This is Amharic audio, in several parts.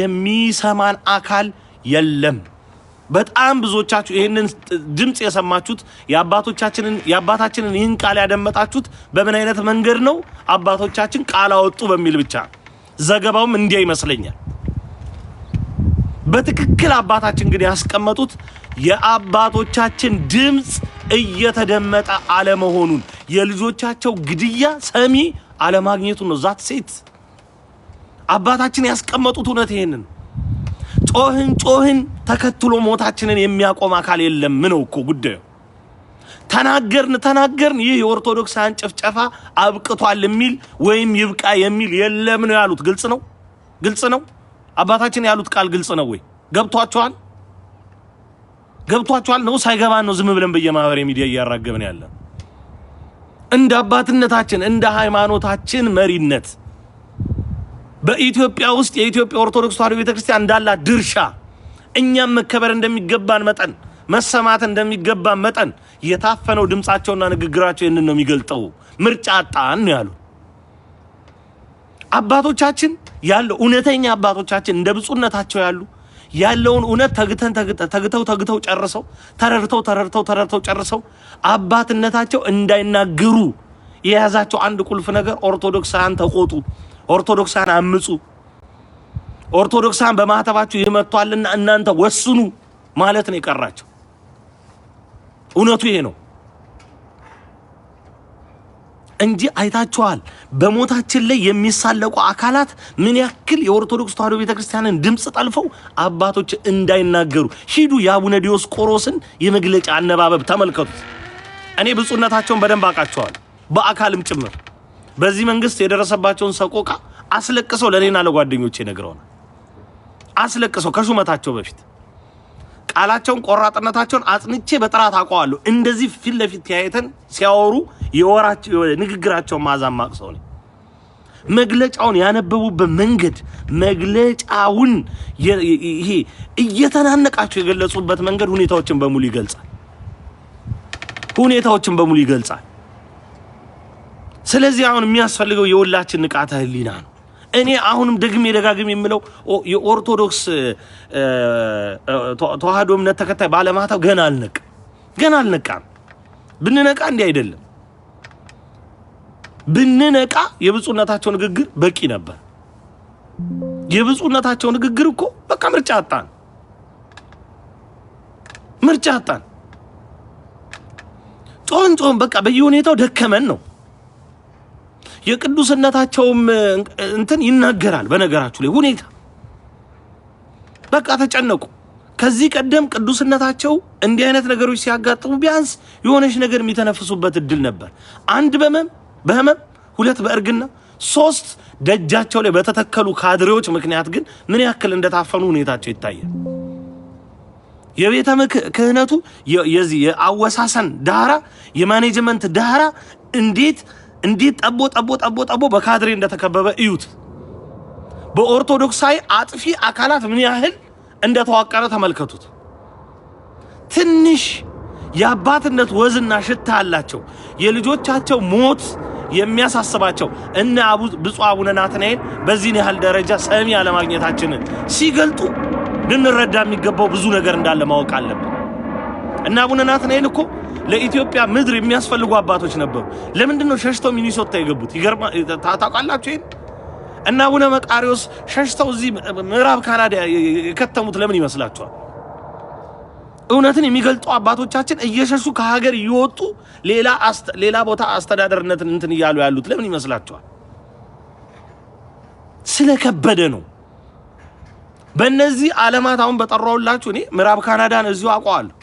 የሚሰማን አካል የለም። በጣም ብዙዎቻችሁ ይህንን ድምፅ የሰማችሁት የአባቶቻችንን የአባታችንን ይህን ቃል ያደመጣችሁት በምን አይነት መንገድ ነው? አባቶቻችን ቃል አወጡ በሚል ብቻ። ዘገባውም እንዲያ ይመስለኛል። በትክክል አባታችን ግን ያስቀመጡት የአባቶቻችን ድምፅ እየተደመጠ አለመሆኑን፣ የልጆቻቸው ግድያ ሰሚ አለማግኘቱ ነው ዛት ሴት አባታችን ያስቀመጡት እውነት ይሄንን ጮህን ጮህን ተከትሎ ሞታችንን የሚያቆም አካል የለም። ምነው እኮ ጉዳዩ ተናገርን ተናገርን፣ ይህ የኦርቶዶክሳን ጭፍጨፋ አብቅቷል የሚል ወይም ይብቃ የሚል የለም ነው ያሉት። ግልጽ ነው፣ ግልጽ ነው። አባታችን ያሉት ቃል ግልጽ ነው ወይ? ገብቷቸዋል፣ ገብቷቸዋል ነው ሳይገባን ነው ዝም ብለን በየማህበሬ ሚዲያ እያራገብን ያለን እንደ አባትነታችን እንደ ሃይማኖታችን መሪነት በኢትዮጵያ ውስጥ የኢትዮጵያ ኦርቶዶክስ ተዋሕዶ ቤተክርስቲያን እንዳላት ድርሻ እኛም መከበር እንደሚገባን መጠን መሰማት እንደሚገባን መጠን የታፈነው ድምፃቸውና ንግግራቸው ይህንን ነው የሚገልጠው። ምርጫ አጣን ነው ያሉ አባቶቻችን ያለው እውነተኛ አባቶቻችን እንደ ብፁነታቸው ያሉ ያለውን እውነት ተግተን ተግተው ተግተው ጨርሰው ተረድተው ተረድተው ተረድተው ጨርሰው አባትነታቸው እንዳይናገሩ የያዛቸው አንድ ቁልፍ ነገር ኦርቶዶክሳውያን ተቆጡ። ኦርቶዶክሳን አምፁ፣ ኦርቶዶክሳን በማህተባችሁ ይመቷልና እናንተ ወስኑ ማለት ነው የቀራቸው። እውነቱ ይሄ ነው እንጂ አይታችኋል። በሞታችን ላይ የሚሳለቁ አካላት ምን ያክል የኦርቶዶክስ ተዋሕዶ ቤተክርስቲያንን ድምፅ ጠልፈው አባቶች እንዳይናገሩ ሂዱ። የአቡነ ዲዮስቆሮስን የመግለጫ አነባበብ ተመልከቱት። እኔ ብፁዕነታቸውን በደንብ አውቃቸዋል በአካልም ጭምር በዚህ መንግስት የደረሰባቸውን ሰቆቃ አስለቅሰው ለእኔና ለጓደኞቼ ነግረውናል። አስለቅሰው ከሹመታቸው በፊት ቃላቸውን ቆራጥነታቸውን አጽንቼ በጥራት አውቀዋለሁ። እንደዚህ ፊት ለፊት ተያይተን ሲያወሩ የወራቸው ንግግራቸውን ማዛማቅ ሰው ነኝ። መግለጫውን ያነበቡበት መንገድ መግለጫውን ይሄ እየተናነቃቸው የገለጹበት መንገድ ሁኔታዎችን በሙሉ ይገልጻል። ሁኔታዎችን በሙሉ ይገልጻል። ስለዚህ አሁን የሚያስፈልገው የሁላችን ንቃተ ህሊና ነው። እኔ አሁንም ደግሜ ደጋግሜ የምለው የኦርቶዶክስ ተዋህዶ እምነት ተከታይ ባለማታው ገና አልነቅ ገና አልነቃም። ብንነቃ እንዲህ አይደለም። ብንነቃ የብፁነታቸው ንግግር በቂ ነበር። የብፁነታቸው ንግግር እኮ በቃ ምርጫ አጣን፣ ምርጫ አጣን። ጮን ጮን በቃ በየሁኔታው ደከመን ነው የቅዱስነታቸውም እንትን ይናገራል። በነገራችሁ ላይ ሁኔታ በቃ ተጨነቁ። ከዚህ ቀደም ቅዱስነታቸው እንዲህ አይነት ነገሮች ሲያጋጥሙ ቢያንስ የሆነች ነገር የሚተነፍሱበት እድል ነበር። አንድ በህመም በህመም ሁለት በእርግና ሶስት ደጃቸው ላይ በተተከሉ ካድሬዎች ምክንያት ግን ምን ያክል እንደታፈኑ ሁኔታቸው ይታያል። የቤተ ክህነቱ የዚህ የአወሳሰን ዳራ የማኔጅመንት ዳራ እንዴት እንዴት ጠቦ ጠቦ ጠቦ ጠቦ በካድሬ እንደተከበበ እዩት። በኦርቶዶክሳዊ አጥፊ አካላት ምን ያህል እንደተዋቀረ ተመልከቱት። ትንሽ የአባትነት ወዝና ሽታ አላቸው። የልጆቻቸው ሞት የሚያሳስባቸው እነ ብፁ አቡነ ናትናኤል በዚህን ያህል ደረጃ ሰሚ አለማግኘታችንን ሲገልጡ ልንረዳ የሚገባው ብዙ ነገር እንዳለ ማወቅ አለብን። እና አቡነ ናትናኤል እኮ ለኢትዮጵያ ምድር የሚያስፈልጉ አባቶች ነበሩ። ለምንድን ነው ሸሽተው ሚኒሶታ የገቡት? ታውቃላችሁ ይሄን? እና አቡነ መቃሪዎስ ሸሽተው እዚህ ምዕራብ ካናዳ የከተሙት ለምን ይመስላችኋል? እውነትን የሚገልጡ አባቶቻችን እየሸሹ ከሀገር እየወጡ ሌላ ቦታ አስተዳደርነትን እንትን እያሉ ያሉት ለምን ይመስላችኋል? ስለከበደ ነው። በእነዚህ ዓለማት አሁን በጠራውላችሁ እኔ ምዕራብ ካናዳን እዚሁ አውቀዋለሁ።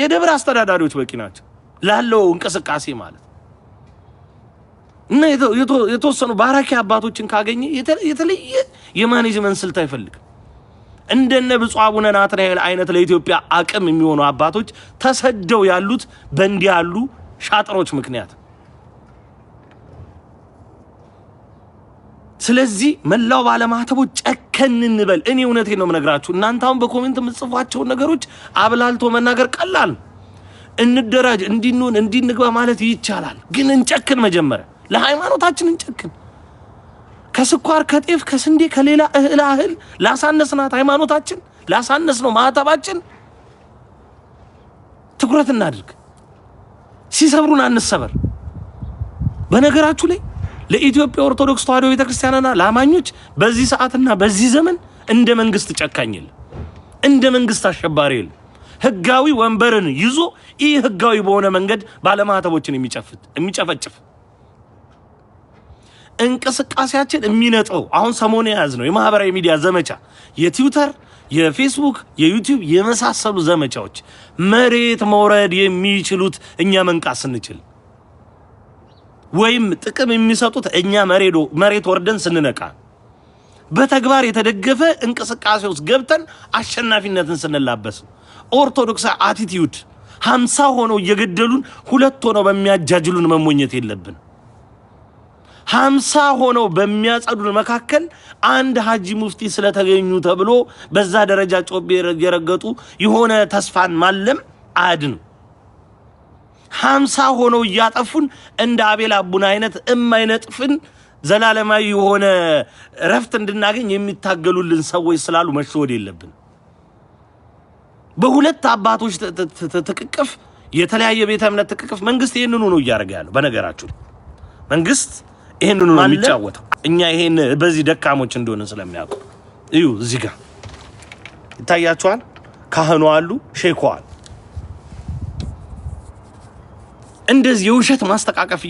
የደብር አስተዳዳሪዎች በቂ ናቸው ላለው እንቅስቃሴ ማለት እና የተወሰኑ ባራኪ አባቶችን ካገኘ የተለየ የማኔጅመንት ስልት አይፈልግም። እንደነ ብፁዕ አቡነ ናትናኤል አይነት ለኢትዮጵያ አቅም የሚሆኑ አባቶች ተሰደው ያሉት በእንዲህ ያሉ ሻጥሮች ምክንያት ስለዚህ መላው ባለማህተቦች ጨከን እንበል። እኔ እውነቴ ነው የምነግራችሁ። እናንተ አሁን በኮሜንት የምጽፏቸውን ነገሮች አብላልቶ መናገር ቀላል፣ እንደራጅ፣ እንዲንሆን፣ እንዲንግባ ማለት ይቻላል። ግን እንጨክን፣ መጀመሪያ ለሃይማኖታችን እንጨክን። ከስኳር ከጤፍ ከስንዴ ከሌላ እህል እህል ላሳነስናት ሃይማኖታችን ላሳነስ ነው ማህተባችን ትኩረት እናድርግ። ሲሰብሩን አንሰበር። በነገራችሁ ላይ ለኢትዮጵያ ኦርቶዶክስ ተዋሕዶ ቤተክርስቲያንና ለአማኞች በዚህ ሰዓትና በዚህ ዘመን እንደ መንግስት ጨካኝ የለም፣ እንደ መንግስት አሸባሪ የለም። ህጋዊ ወንበርን ይዞ ይህ ህጋዊ በሆነ መንገድ ባለማህተቦችን የሚጨፈጭፍ እንቅስቃሴያችን የሚነጠው አሁን ሰሞኑ የያዝ ነው የማህበራዊ ሚዲያ ዘመቻ የትዊተር የፌስቡክ የዩቲዩብ የመሳሰሉ ዘመቻዎች መሬት መውረድ የሚችሉት እኛ መንቃት ስንችል ወይም ጥቅም የሚሰጡት እኛ መሬት ወርደን ስንነቃ በተግባር የተደገፈ እንቅስቃሴ ውስጥ ገብተን አሸናፊነትን ስንላበስ ኦርቶዶክስ አቲቲዩድ ሀምሳ ሆነው እየገደሉን ሁለት ሆነው በሚያጃጅሉን መሞኘት የለብን። ሀምሳ ሆነው በሚያጸዱን መካከል አንድ ሀጂ ሙፍቲ ስለተገኙ ተብሎ በዛ ደረጃ ጮቤ የረገጡ የሆነ ተስፋን ማለም አያድነው። ሀምሳ ሆነው እያጠፉን እንደ አቤል አቡነ አይነት እማይነጥፍን ዘላለማዊ የሆነ እረፍት እንድናገኝ የሚታገሉልን ሰዎች ስላሉ መሸወድ የለብን። በሁለት አባቶች ትቅቅፍ፣ የተለያየ ቤተ እምነት ትቅቅፍ፣ መንግስት ይህንኑ ነው እያደረገ ያለው። በነገራችሁ መንግስት ይህንኑ ነው የሚጫወተው። እኛ ይሄን በዚህ ደካሞች እንደሆነ ስለሚያውቁ እዩ፣ እዚህ ጋር ይታያችኋል። ካህኑ አሉ፣ ሼኮ አሉ። እንደዚህ የውሸት ማስተቃቀፍ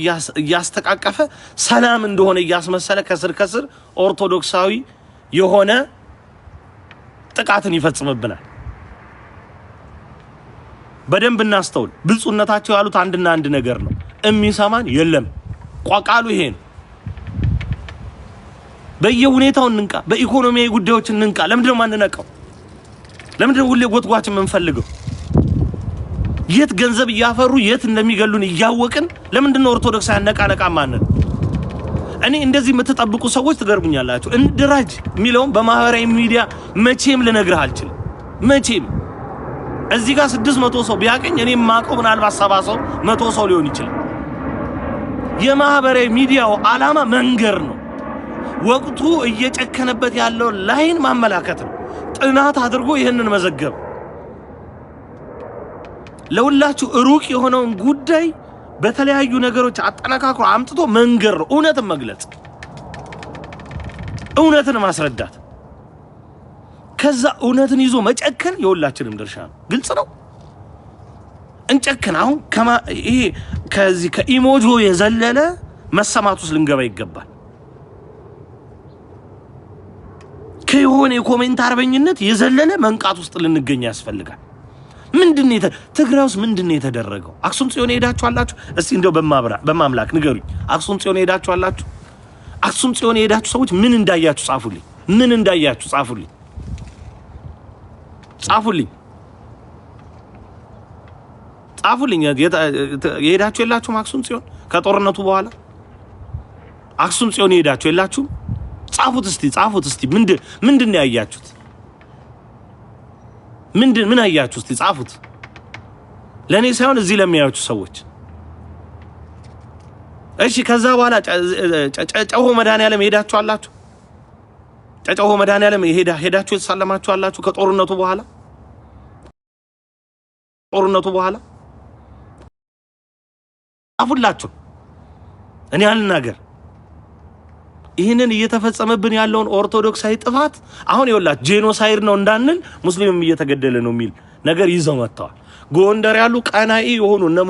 እያስተቃቀፈ ሰላም እንደሆነ እያስመሰለ ከስር ከስር ኦርቶዶክሳዊ የሆነ ጥቃትን ይፈጽምብናል። በደንብ እናስተውል። ብፁዕነታቸው ያሉት አንድና አንድ ነገር ነው። እሚሰማን የለም። ቋቃሉ ይሄ ነው። በየሁኔታው እንንቃ፣ በኢኮኖሚያዊ ጉዳዮች እንንቃ። ለምንድነው ማንነቀው? ለምንድነው ሁሌ ጎትጓችን የምንፈልገው? የት ገንዘብ እያፈሩ የት እንደሚገሉን እያወቅን ለምንድን ነው ኦርቶዶክስ ነቃ ማንን? እኔ እንደዚህ የምትጠብቁ ሰዎች ትገርሙኛላችሁ። እንድራጅ የሚለውም በማህበራዊ ሚዲያ መቼም ልነግርህ አልችልም። መቼም እዚህ ጋር ስድስት መቶ ሰው ቢያገኝ እኔ ማቀው ምናልባት ሰባ ሰው መቶ ሰው ሊሆን ይችላል። የማህበራዊ ሚዲያው ዓላማ መንገር ነው። ወቅቱ እየጨከነበት ያለውን ላይን ማመላከት ነው። ጥናት አድርጎ ይህንን መዘገብ ለሁላችሁ ሩቅ የሆነውን ጉዳይ በተለያዩ ነገሮች አጠነካክሮ አምጥቶ መንገር ነው። እውነትን መግለጽ፣ እውነትን ማስረዳት፣ ከዛ እውነትን ይዞ መጨከን የሁላችንም ድርሻ ነው። ግልጽ ነው። እንጨክን። አሁን ይሄ ከዚህ ከኢሞጆ የዘለለ መሰማት ውስጥ ልንገባ ይገባል። ከየሆነ የኮሜንት አርበኝነት የዘለለ መንቃት ውስጥ ልንገኝ ያስፈልጋል። ምንድን ትግራይ ውስጥ ምንድን ነው የተደረገው? አክሱም ጽዮን ሄዳችሁ አላችሁ? እስቲ እንደው በማምላክ ንገሩኝ። አክሱም ጽዮን ሄዳችሁ አላችሁ? አክሱም ጽዮን የሄዳችሁ ሰዎች ምን እንዳያችሁ ጻፉልኝ። ምን እንዳያችሁ ጻፉልኝ፣ ጻፉልኝ፣ ጻፉልኝ። የሄዳችሁ የላችሁም? አክሱም ጽዮን ከጦርነቱ በኋላ አክሱም ጽዮን የሄዳችሁ የላችሁም? ጻፉት እስቲ፣ ጻፉት እስቲ። ምንድን ምንድን ነው ያያችሁት? ምንድን ምን አያችሁ? እስቲ ጻፉት። ለእኔ ሳይሆን እዚህ ለሚያዩት ሰዎች። እሺ፣ ከዛ በኋላ ጨጨሆ መድኃኔዓለም ሄዳችሁ አላችሁ። ጨጨሆ ሄዳ ሄዳችሁ የተሳለማችሁ አላችሁ። ከጦርነቱ በኋላ ጦርነቱ በኋላ ጻፉላችሁ። እኔ አልናገር ይህንን እየተፈጸመብን ያለውን ኦርቶዶክሳዊ ጥፋት አሁን ይወላት ጄኖሳይድ ነው እንዳንል ሙስሊምም እየተገደለ ነው የሚል ነገር ይዘው መጥተዋል። ጎንደር ያሉ ቀናኢ የሆኑ እነ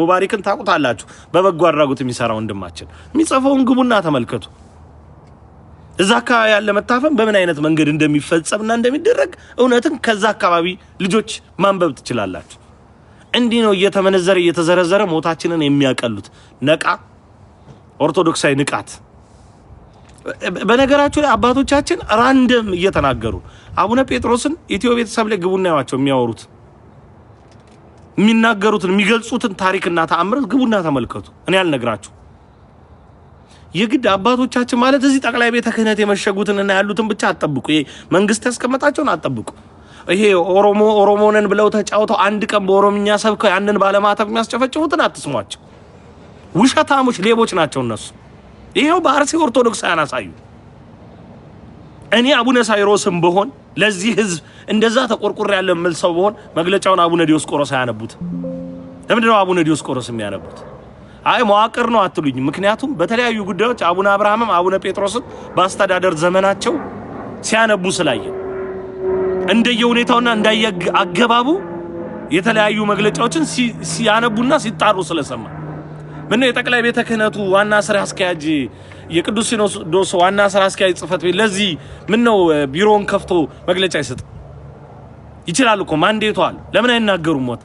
ሙባሪክን ታውቁታላችሁ። በበጎ አድራጎት የሚሰራ ወንድማችን የሚጽፈውን ግቡና ተመልከቱ። እዛ አካባቢ ያለ መታፈን በምን አይነት መንገድ እንደሚፈጸምና እንደሚደረግ እውነትን ከዛ አካባቢ ልጆች ማንበብ ትችላላችሁ። እንዲህ ነው እየተመነዘረ እየተዘረዘረ ሞታችንን የሚያቀሉት ነቃ ኦርቶዶክሳዊ ንቃት። በነገራችሁ ላይ አባቶቻችን ራንደም እየተናገሩ አቡነ ጴጥሮስን ኢትዮ ቤተሰብ ላይ ግቡና ያዋቸው የሚያወሩት የሚናገሩትን የሚገልጹትን ታሪክና ተአምር ግቡና ተመልከቱ። እኔ ያልነግራችሁ የግድ አባቶቻችን ማለት እዚህ ጠቅላይ ቤተ ክህነት የመሸጉትንና ያሉትን ብቻ አጠብቁ፣ መንግስት ያስቀመጣቸውን አጠብቁ። ይሄ ኦሮሞ ኦሮሞንን ብለው ተጫውተው አንድ ቀን በኦሮምኛ ሰብከው ያንን ባለማተብ የሚያስጨፈጭፉትን አትስሟቸው። ውሸታሞች፣ ሌቦች ናቸው እነሱ። ይሄው በአርሲ ኦርቶዶክሳውያን አሳዩ። እኔ አቡነ ሳይሮስም ብሆን ለዚህ ህዝብ እንደዛ ተቆርቁር ያለ የምል ሰው ብሆን መግለጫውን አቡነ ዲዮስቆሮስ አያነቡት። ነው አቡነ ዲዮስቆሮስ የሚያነቡት? አይ መዋቅር ነው አትሉኝ። ምክንያቱም በተለያዩ ጉዳዮች አቡነ አብርሃምም አቡነ ጴጥሮስም በአስተዳደር ዘመናቸው ሲያነቡ ስላየ ሁኔታውና እንዳየ አገባቡ የተለያዩ መግለጫዎችን ሲያነቡና ሲጣሩ ስለሰማ ምን ነው የጠቅላይ ቤተ ክህነቱ ዋና ስራ አስኪያጅ የቅዱስ ሲኖዶስ ዋና ስራ አስኪያጅ ጽህፈት ቤት ለዚህ ምን ነው ቢሮውን ከፍቶ መግለጫ ይሰጥ ይችላል እኮ ማንዴቱ አለ። ለምን አይናገሩም? ሞት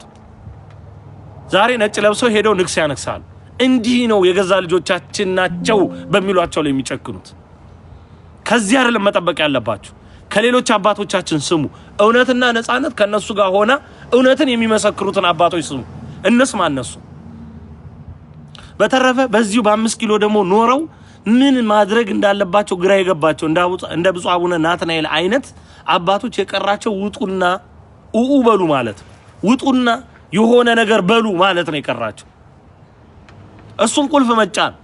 ዛሬ ነጭ ለብሰው ሄደው ንግስ ያነግሳል። እንዲህ ነው የገዛ ልጆቻችን ናቸው በሚሏቸው ላይ የሚጨክኑት። ከዚህ አይደለም መጠበቅ ያለባችሁ። ከሌሎች አባቶቻችን ስሙ። እውነትና ነፃነት ከነሱ ጋር ሆና እውነትን የሚመሰክሩትን አባቶች ስሙ። እነስ ማነሱ በተረፈ በዚሁ በአምስት ኪሎ ደግሞ ኖረው ምን ማድረግ እንዳለባቸው ግራ የገባቸው እንደ ብፁ አቡነ ናትናኤል አይነት አባቶች የቀራቸው ውጡና ኡኡ በሉ ማለት ውጡና የሆነ ነገር በሉ ማለት ነው የቀራቸው። እሱም ቁልፍ መጫን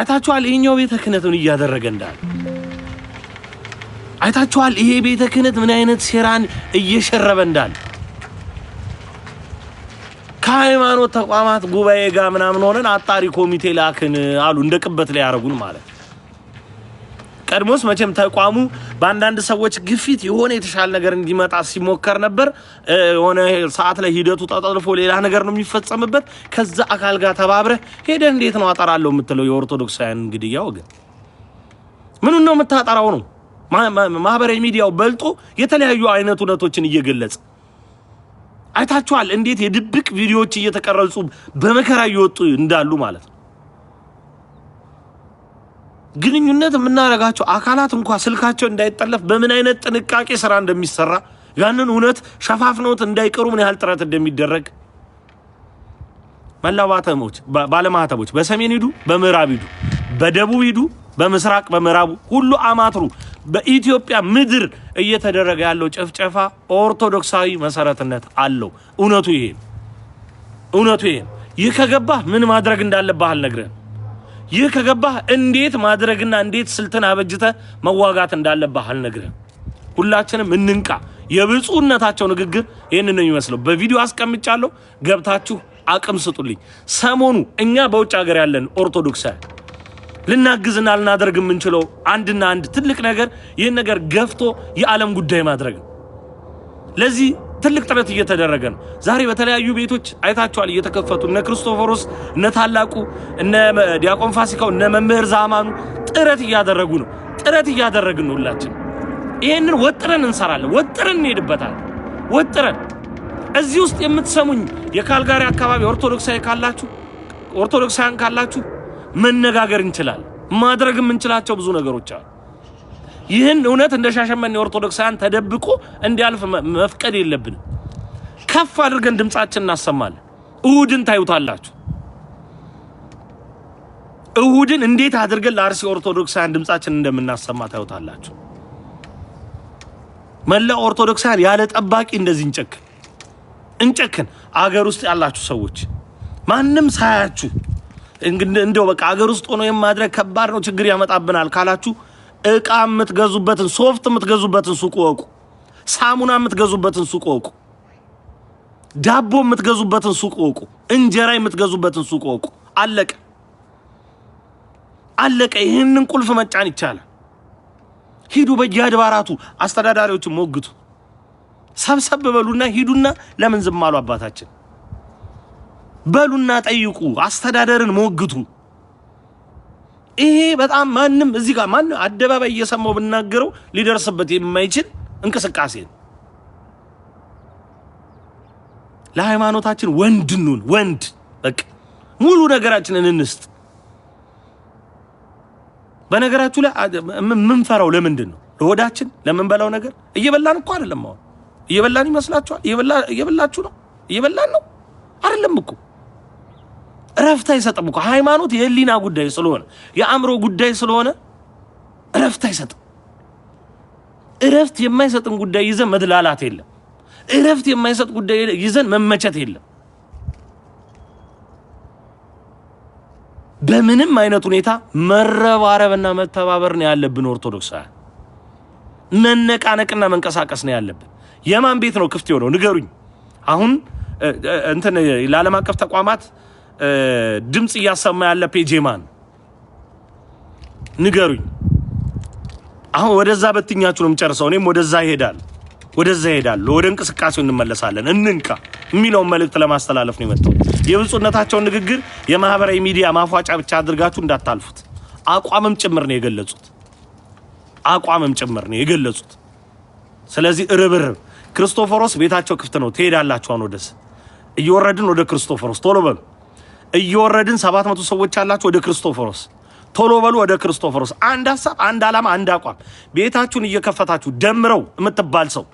አይታችኋል። ይሄኛው ቤተ ክህነትን እያደረገ እንዳለ አይታችኋል። ይሄ ቤተ ክህነት ምን አይነት ሴራን እየሸረበ እንዳለ ከሃይማኖት ተቋማት ጉባኤ ጋር ምናምን ሆነን አጣሪ ኮሚቴ ላክን አሉ። እንደ ቅበት ላይ ያደረጉን ማለት ቀድሞስ መቼም ተቋሙ በአንዳንድ ሰዎች ግፊት የሆነ የተሻለ ነገር እንዲመጣ ሲሞከር ነበር። የሆነ ሰዓት ላይ ሂደቱ ተጠልፎ ሌላ ነገር ነው የሚፈጸምበት። ከዛ አካል ጋር ተባብረህ ሄደ እንዴት ነው አጠራለሁ የምትለው? የኦርቶዶክሳውያን እንግዲያ ወገን ምኑን ነው የምታጠራው ነው ማህበራዊ ሚዲያው በልጦ የተለያዩ አይነት እውነቶችን እየገለጸ አይታችኋል፣ እንዴት የድብቅ ቪዲዮዎች እየተቀረጹ በመከራ እየወጡ እንዳሉ ማለት ነው። ግንኙነት የምናደርጋቸው አካላት እንኳ ስልካቸው እንዳይጠለፍ በምን አይነት ጥንቃቄ ስራ እንደሚሰራ ያንን እውነት ሸፋፍነውት እንዳይቀሩ ምን ያህል ጥረት እንደሚደረግ መላ ባለማህተቦች በሰሜን ሂዱ፣ በምዕራብ ሂዱ፣ በደቡብ ሂዱ፣ በምስራቅ በምዕራቡ ሁሉ አማትሩ በኢትዮጵያ ምድር እየተደረገ ያለው ጭፍጨፋ ኦርቶዶክሳዊ መሰረትነት አለው። እውነቱ ይሄ እውነቱ ይሄ ይህ ከገባህ ምን ማድረግ እንዳለብህ አልነግርህም። ይህ ከገባህ እንዴት ማድረግና እንዴት ስልትን አበጅተህ መዋጋት እንዳለብህ አልነግርህም። ሁላችንም እንንቃ። የብፁዕነታቸው ንግግር ይህን ነው የሚመስለው። በቪዲዮ አስቀምጫለሁ፣ ገብታችሁ አቅም ስጡልኝ። ሰሞኑ እኛ በውጭ ሀገር ያለን ኦርቶዶክሳውያን ልናግዝና ልናደርግ የምንችለው አንድና አንድ ትልቅ ነገር ይህን ነገር ገፍቶ የዓለም ጉዳይ ማድረግ ነው። ለዚህ ትልቅ ጥረት እየተደረገ ነው። ዛሬ በተለያዩ ቤቶች አይታችኋል እየተከፈቱ እነ ክርስቶፎሮስ፣ እነ ታላቁ፣ እነ ዲያቆን ፋሲካው፣ እነ መምህር ዛማኑ ጥረት እያደረጉ ነው። ጥረት እያደረግን ሁላችን ይህንን ወጥረን እንሰራለን፣ ወጥረን እንሄድበታለን። ወጥረን እዚህ ውስጥ የምትሰሙኝ የካልጋሪ አካባቢ ኦርቶዶክሳዊ ካላችሁ ኦርቶዶክሳውያን ካላችሁ መነጋገር እንችላለን። ማድረግ የምንችላቸው ብዙ ነገሮች አሉ። ይህን እውነት እንደ ሻሸመኔ ኦርቶዶክሳውያን ተደብቆ እንዲያልፍ መፍቀድ የለብንም። ከፍ አድርገን ድምጻችን እናሰማለን። እሁድን ታዩታላችሁ። እሁድን እንዴት አድርገን ለአርሲ ኦርቶዶክሳውያን ድምጻችን እንደምናሰማ ታዩታላችሁ። መላ ኦርቶዶክሳውያን ያለ ጠባቂ እንደዚህ እንጨክን እንጨክን። አገር ውስጥ ያላችሁ ሰዎች ማንም ሳያችሁ እንደው በቃ አገር ውስጥ ሆኖ የማድረግ ከባድ ነው፣ ችግር ያመጣብናል ካላችሁ እቃ የምትገዙበትን ሶፍት የምትገዙበትን ሱቅ ወቁ። ሳሙና የምትገዙበትን ሱቅ ወቁ። ዳቦ የምትገዙበትን ሱቅ ወቁ። እንጀራ የምትገዙበትን ሱቅ ወቁ። አለቀ አለቀ። ይህንን ቁልፍ መጫን ይቻላል። ሂዱ በየአድባራቱ አስተዳዳሪዎችን ሞግቱ። ሰብሰብ በሉና ሂዱና ለምን ዝም አሉ አባታችን በሉና ጠይቁ፣ አስተዳደርን ሞግቱ። ይሄ በጣም ማንም እዚህ ጋር ማንም አደባባይ እየሰማው ብናገረው ሊደርስበት የማይችል እንቅስቃሴ ነው። ለሃይማኖታችን ወንድ እንሁን፣ ወንድ በቃ ሙሉ ነገራችንን እንስጥ። በነገራችሁ ላይ የምንፈራው ለምንድን ነው? ለሆዳችን ለምንበላው ነገር እየበላን እኮ አይደለም። አሁን እየበላን ይመስላችኋል? እየበላችሁ ነው? እየበላን ነው አይደለም እኮ እረፍት አይሰጥም እኮ ሃይማኖት የህሊና ጉዳይ ስለሆነ የአእምሮ ጉዳይ ስለሆነ እረፍት አይሰጥም። እረፍት የማይሰጥን ጉዳይ ይዘን መድላላት የለም። እረፍት የማይሰጥ ጉዳይ ይዘን መመቸት የለም። በምንም አይነት ሁኔታ መረባረብና መተባበር ነው ያለብን። ኦርቶዶክሳውያን መነቃነቅና መንቀሳቀስ ነው ያለብን። የማን ቤት ነው ክፍት የሆነው? ንገሩኝ። አሁን እንትን ለዓለም አቀፍ ተቋማት ድምፅ እያሰማ ያለ ፔጄ ማን? ንገሩኝ። አሁን ወደዛ በትኛችሁ ነው የምጨርሰው። እኔም ወደዛ ይሄዳል ወደዛ ይሄዳል። ወደ እንቅስቃሴው እንመለሳለን። እንንቃ የሚለውን መልእክት ለማስተላለፍ ነው የመጣው። የብፁዕነታቸውን ንግግር የማህበራዊ ሚዲያ ማፏጫ ብቻ አድርጋችሁ እንዳታልፉት። አቋምም ጭምር ነው የገለጹት። አቋምም ጭምር ነው የገለጹት። ስለዚህ ርብርብ ክርስቶፎሮስ ቤታቸው ክፍት ነው። ትሄዳላችሁ። አሁን ወደስ እየወረድን ወደ ክርስቶፎሮስ ቶሎ እየወረድን ሰባት መቶ ሰዎች ያላችሁ ወደ ክርስቶፎሮስ ቶሎ በሉ። ወደ ክርስቶፎሮስ አንድ ሀሳብ፣ አንድ ዓላማ፣ አንድ አቋም ቤታችሁን እየከፈታችሁ ደምረው የምትባል ሰው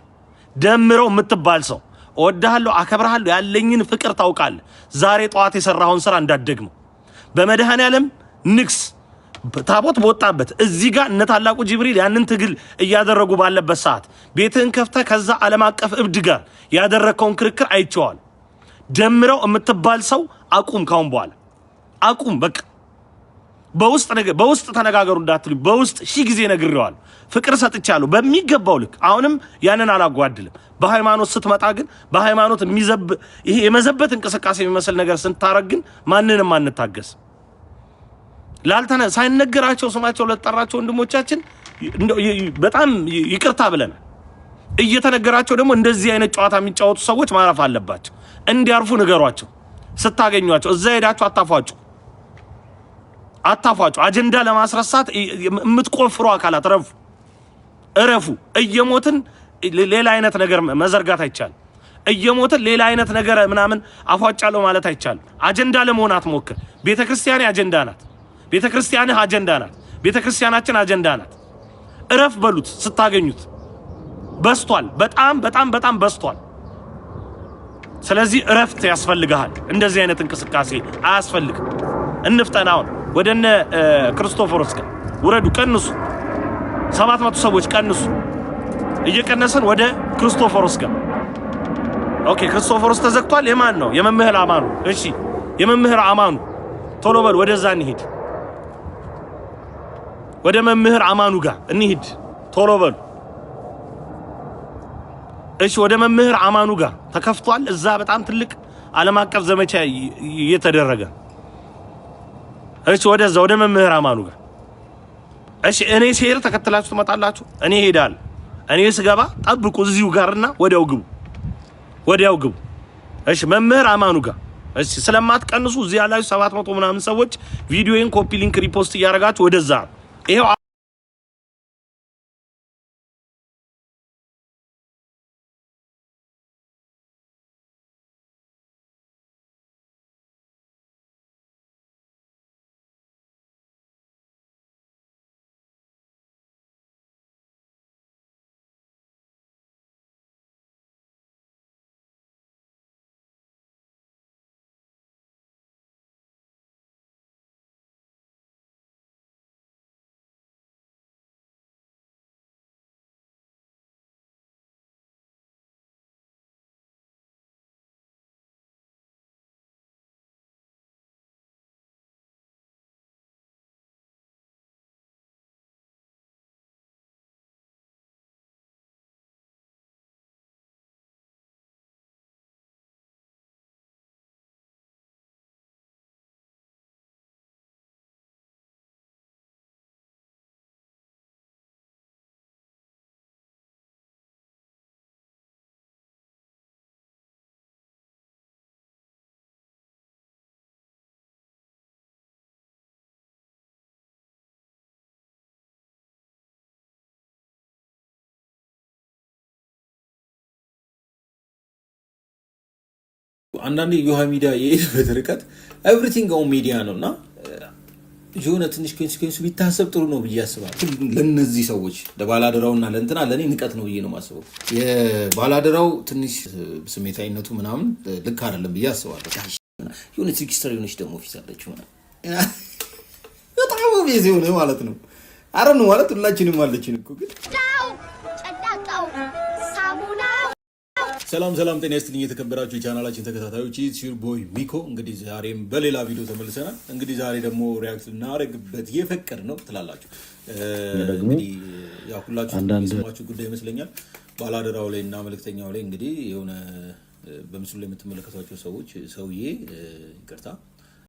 ደምረው የምትባል ሰው እወድሃለሁ፣ አከብርሃለሁ፣ ያለኝን ፍቅር ታውቃለህ፣ ዛሬ ጠዋት የሰራኸውን ስራ እንዳትደግመው በመድኃኔ ዓለም ንግስ ታቦት በወጣበት እዚህ ጋር እነ ታላቁ ጅብሪል ያንን ትግል እያደረጉ ባለበት ሰዓት ቤትህን ከፍተህ ከዛ ዓለም አቀፍ እብድ ጋር ያደረግከውን ክርክር አይቸዋል። ደምረው የምትባል ሰው አቁም። ካሁን በኋላ አቁም በቃ። በውስጥ ነገር በውስጥ ተነጋገሩ እንዳትሉ፣ በውስጥ ሺህ ጊዜ ነግሬዋለሁ። ፍቅር ሰጥቻለሁ በሚገባው ልክ። አሁንም ያንን አላጓድልም። በሃይማኖት ስትመጣ ግን በሃይማኖት የሚዘብ ይሄ የመዘበት እንቅስቃሴ የሚመስል ነገር ስንታረግ ግን ማንንም አንታገስ። ላልተነ ሳይነገራቸው ስማቸው ለተጠራቸው ወንድሞቻችን በጣም ይቅርታ ብለናል። እየተነገራቸው ደግሞ እንደዚህ አይነት ጨዋታ የሚጫወቱ ሰዎች ማረፍ አለባቸው። እንዲያርፉ ንገሯቸው። ስታገኟቸው እዛ ሄዳችሁ አታፏጩ አታፏጩ። አጀንዳ ለማስረሳት የምትቆፍሩ አካላት ረፉ እረፉ። እየሞትን ሌላ አይነት ነገር መዘርጋት አይቻልም። እየሞትን ሌላ አይነት ነገር ምናምን አፏጫለሁ ማለት አይቻልም። አጀንዳ ለመሆን አትሞክር። ቤተ ክርስቲያን አጀንዳ ናት። ቤተ ክርስቲያንህ አጀንዳ ናት። ቤተ ክርስቲያናችን አጀንዳ ናት። እረፍ በሉት ስታገኙት። በስቷል። በጣም በጣም በጣም በስቷል። ስለዚህ እረፍት ያስፈልግሃል። እንደዚህ አይነት እንቅስቃሴ አያስፈልግም። እንፍጠን። አሁን ወደ እነ ክርስቶፎሮስ ጋር ውረዱ፣ ቀንሱ። ሰባት መቶ ሰዎች ቀንሱ። እየቀነሰን ወደ ክርስቶፎሮስ ጋር ኦኬ። ክርስቶፎሮስ ተዘግቷል። የማን ነው? የመምህር አማኑ። እሺ፣ የመምህር አማኑ ቶሎ በል፣ ወደዛ እንሂድ። ወደ መምህር አማኑ ጋር እንሂድ፣ ቶሎ በሉ። እሺ ወደ መምህር አማኑ ጋር ተከፍቷል። እዛ በጣም ትልቅ ዓለም አቀፍ ዘመቻ እየተደረገ እሺ፣ ወደዛ ወደ መምህር አማኑ ጋር እሺ። እኔ ሲሄድ ተከትላችሁ ትመጣላችሁ። እኔ ሄዳል። እኔ ስገባ ጠብቁ እዚሁ ጋርና ወዲያው ግቡ፣ ወዲያው ግቡ። እሺ፣ መምህር አማኑ ጋር እሺ። ስለማትቀንሱ እዚህ ያላችሁ ሰባት መቶ ምናምን ሰዎች ቪዲዮዬን ኮፒ ሊንክ ሪፖስት እያደረጋችሁ ወደዛ ይሄው አንዳንዴ የውሃ ሚዲያ የሄድበት ርቀት ኤቭሪቲንግ አሁን ሚዲያ ነው እና የሆነ ትንሽ ኮንሲኮንሱ ቢታሰብ ጥሩ ነው ብዬ አስባለሁ። ለእነዚህ ሰዎች ለባላደራውና ለእንትና ለእኔ ንቀት ነው ብዬ ነው የማስበው። የባላደራው ትንሽ ስሜታዊነቱ ምናምን ልክ አይደለም ብዬ አስባለሁ። የሆነ ትዊክስተር የሆነች ደግሞ ፊት አለች ሆነ በጣም ቤዝ የሆነ ማለት ነው። አረ ነው ማለት ሁላችንም አለችን እኮ ግን ሰላም ሰላም፣ ጤና ይስጥልኝ የተከበራችሁ የቻናላችን ተከታታዮች፣ ዩቲዩብ ቦይ ሚኮ። እንግዲህ ዛሬም በሌላ ቪዲዮ ተመልሰናል። እንግዲህ ዛሬ ደግሞ ሪያክት እናደርግበት የፈቀድ ነው ትላላችሁ። ሁላችሁ የሰማችሁ ጉዳይ ይመስለኛል። ባላደራው ላይ እና መልእክተኛው ላይ እንግዲህ የሆነ በምስሉ ላይ የምትመለከቷቸው ሰዎች ሰውዬ ይቅርታ